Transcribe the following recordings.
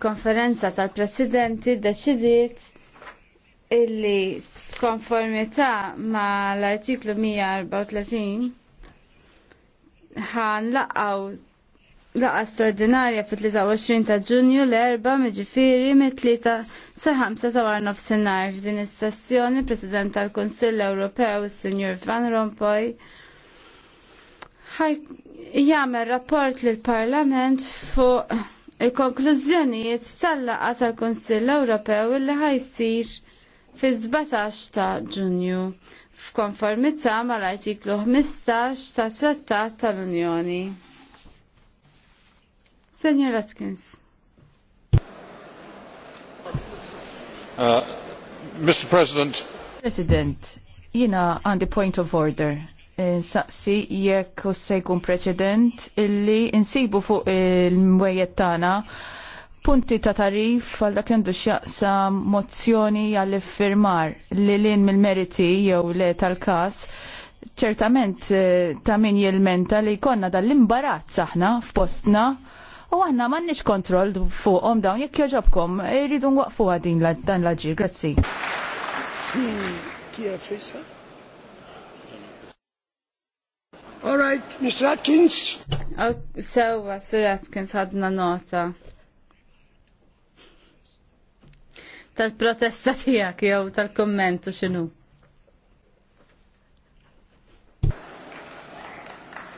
konferenza tal-presidenti deċidiet illi skonformità ma l-artiklu 134 ħan laqaw laqa straordinarja fit-23 ta' ġunju l-erba miġifieri mit-3 sa' 5 ta' war nofsinhar f'din is-sessjoni President tal-Kunsill Ewropew is-Sinjur Van Rompuy ħaj jagħmel rapport lill-Parlament fuq il-konklużjonijiet jitstalla laqgħa tal-Kunsill Ewropew li ħajsir fi 17 ta' Ġunju f'konformità mal-artiklu 15 ta' Trattat tal-Unjoni. Senjor Atkins. Uh, Mr. President. President, jina għandi point of order saqsi jekk se jkun preċedent illi insibu fuq il-mwejjed tagħna punti ta' tarif għal dak għandu xjaqsa mozzjoni għall firmar li lin mill-meriti jew le tal-kas ċertament eh, ta' min jilmenta li konna dal-imbarazz aħna f'postna u aħna m'għandniex kontroll fuqhom dawn jekk joġobkom irridu nwaqfu din dan l-aġir. Grazzi. All right, Mr. Atkins. Oh, so, Mr. Atkins had a nota. Tal-protesta tijak, jew tal-kommentu xinu.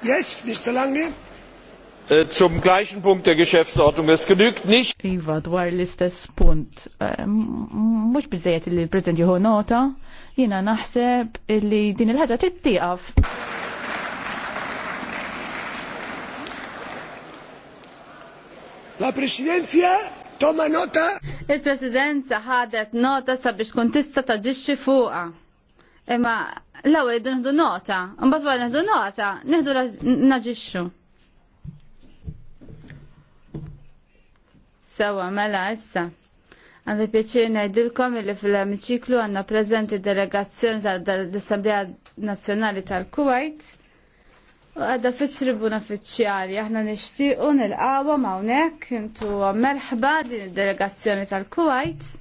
Yes, Mr. Lange. Äh, zum gleichen Punkt der Geschäftsordnung. Es genügt nicht. Iva, dwar l-istess punt. Äh, Mux bizzejet li l-prezent juhu nota, jina naħseb li din il-ħagġa tittiqaf. La Presidenza toma nota. Il-Presidenza ħadet nota sabiex kun ta' taġixxi fuqa. Imma l-ewwel jdu neħdu nota, mbagħad wara neħdu nota, neħdu naġixxu. Sewa mela issa. Għandi pieċir najdilkom li fil-emiċiklu għanna prezenti delegazzjoni tal-Assemblea Nazjonali tal-Kuwait għadda fit-tribuna uffiċjali, aħna nixtiequ nil-qawa mawnek, intu merħba din id-delegazzjoni tal-Kuwait.